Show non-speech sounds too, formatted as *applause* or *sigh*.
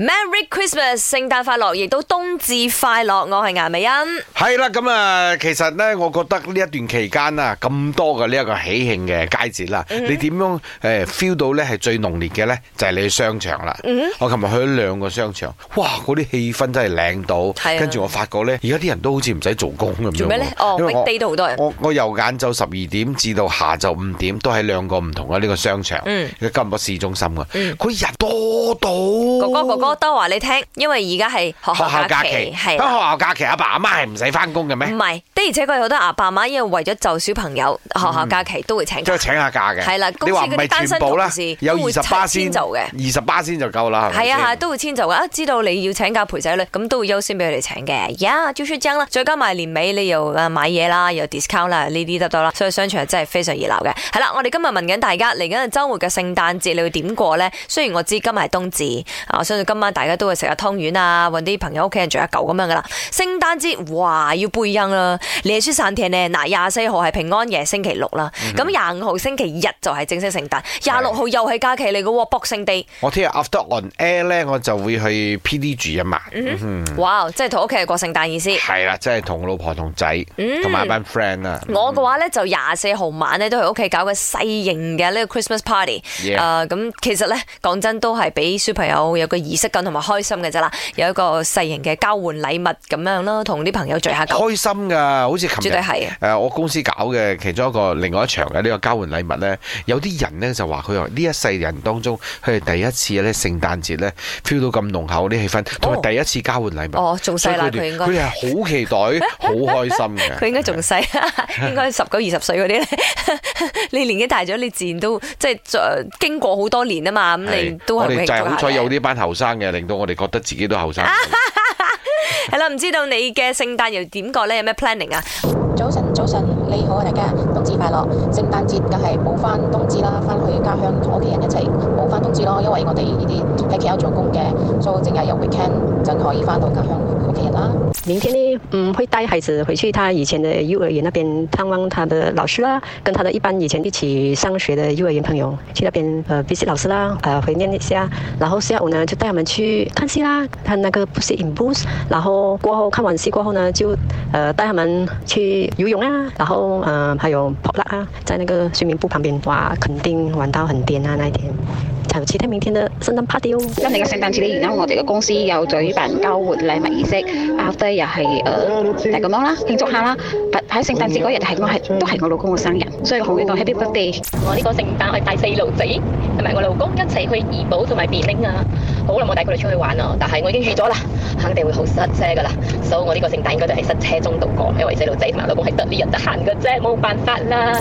Merry Christmas，聖誕快樂，亦都冬至快樂。我係顏美欣。係啦，咁啊，其實咧，我覺得呢一段期間啊，咁多嘅呢一個喜慶嘅佳節啦，mm hmm. 你點樣誒 feel 到咧係最濃烈嘅咧？就係、是、你去商場啦。Mm hmm. 我琴日去咗兩個商場，哇，嗰啲氣氛真係靚到。跟住、啊、我發覺咧，而家啲人都好似唔使做工咁樣。做咩咧？我哦，逼地都好多人。我我由晏晝十二點至到下晝五點，都喺兩個唔同嘅呢個商場，今日博市中心嘅，佢人、嗯、多到。哥哥哥，哥。我都話你聽，因為而家係學校假期，喺學校假期阿爸阿媽係唔使翻工嘅咩？唔係，的而且佢有好多阿爸阿媽，因為為咗就小朋友、嗯、學校假期都會請假，嗯、請下假嘅。係啦，你話佢單身同事有二十八先做嘅，二十八先就夠啦，係咪？啊係都會遷就㗎。一、啊、知道你要請假陪仔女，咁都會優先俾佢哋請嘅。呀、yeah，招出張啦，再加埋年尾你又買嘢啦，又 discount 啦，呢啲得多啦，所以商場真係非常熱鬧嘅。係啦，我哋今日問緊大家嚟緊嘅週末嘅聖誕節，你會點過咧？雖然我知道今日係冬至，我相信今。今晚，大家都會食下湯圓啊，搵啲朋友屋企人聚一舊咁樣噶啦。聖誕節哇，要背音啦，你書散聽咧。嗱，廿四號係平安夜，星期六啦。咁廿五號星期日就係正式聖誕，廿六號又係假期嚟噶，Boxing Day。我聽日 after on air 咧，我就會去 PD 住一晚。嗯，哇、wow,，即係同屋企過聖誕意思。係啦，即係同老婆同仔，同埋、嗯、一班 friend 啦。我嘅話咧，就廿四號晚咧都喺屋企搞個細型嘅呢個 Christmas party。誒 Yeah.、呃，咁其實咧講真，都係俾小朋友有個儀式。同埋開心嘅啫啦，有一個細型嘅交換禮物咁樣咯，同啲朋友聚下。開心㗎，好似琴日誒我公司搞嘅其中一個另外一場嘅呢個交換禮物咧，有啲人咧就話佢話呢一世人當中，佢係第一次咧聖誕節咧 feel 到咁濃厚啲氣氛，同埋、哦、第一次交換禮物。哦，仲細啦佢應該，佢係好期待、好 *laughs* 開心嘅。佢應該仲細， *laughs* *laughs* 應該十九二十歲嗰啲咧。 *laughs* 你年紀大咗，你自然都即係在經過好多年啊嘛。咁是你都係好彩有呢班後生。令到我哋覺得自己都後生。係啦，唔知道你嘅聖誕又點過咧？有咩 planning 啊？早晨，早晨，你好啊，大家。冬至快樂！聖誕節梗係補翻冬至啦，翻去家鄉同屋企人一齊補翻冬至咯。因為我哋呢啲喺其他做工嘅，所以正日有 weekend，就可以翻到家鄉同屋企人啦。明天呢，嗯，會帶孩子回去他以前嘅幼兒園那邊探望他的老師啦，跟他的一班以前一起上學嘅幼兒園朋友去那邊，呃，visit 老師啦，呃，懷念一下。然後下午呢，就帶他們去看戲啦，看那個《Push and Pulls》。然後過後看完戲過後呢，就，呃，帶他們去游泳啊，然後，嗯、呃，還有。跑啦啊，在那個睡眠部旁邊哇，肯定玩到很顛啊那一天。就期待明天的聖誕 party 咯，今年嘅聖誕節呢，而家我哋嘅公司又舉辦交換禮物儀式，後底又係誒，就咁樣啦，慶祝下啦。但喺聖誕節嗰日係我係都係我老公嘅生日，所以好激動 Happy Birthday。我呢個聖誕係帶細路仔同埋我老公一齊去怡保同埋別拎啊，好耐冇帶佢哋出去玩喇，但係我已經預咗啦，肯定會好塞車噶啦，所以我呢個聖誕應該就係塞車中度過，因為細路仔同埋我老公係得呢日得閒嘅啫，冇辦法啦。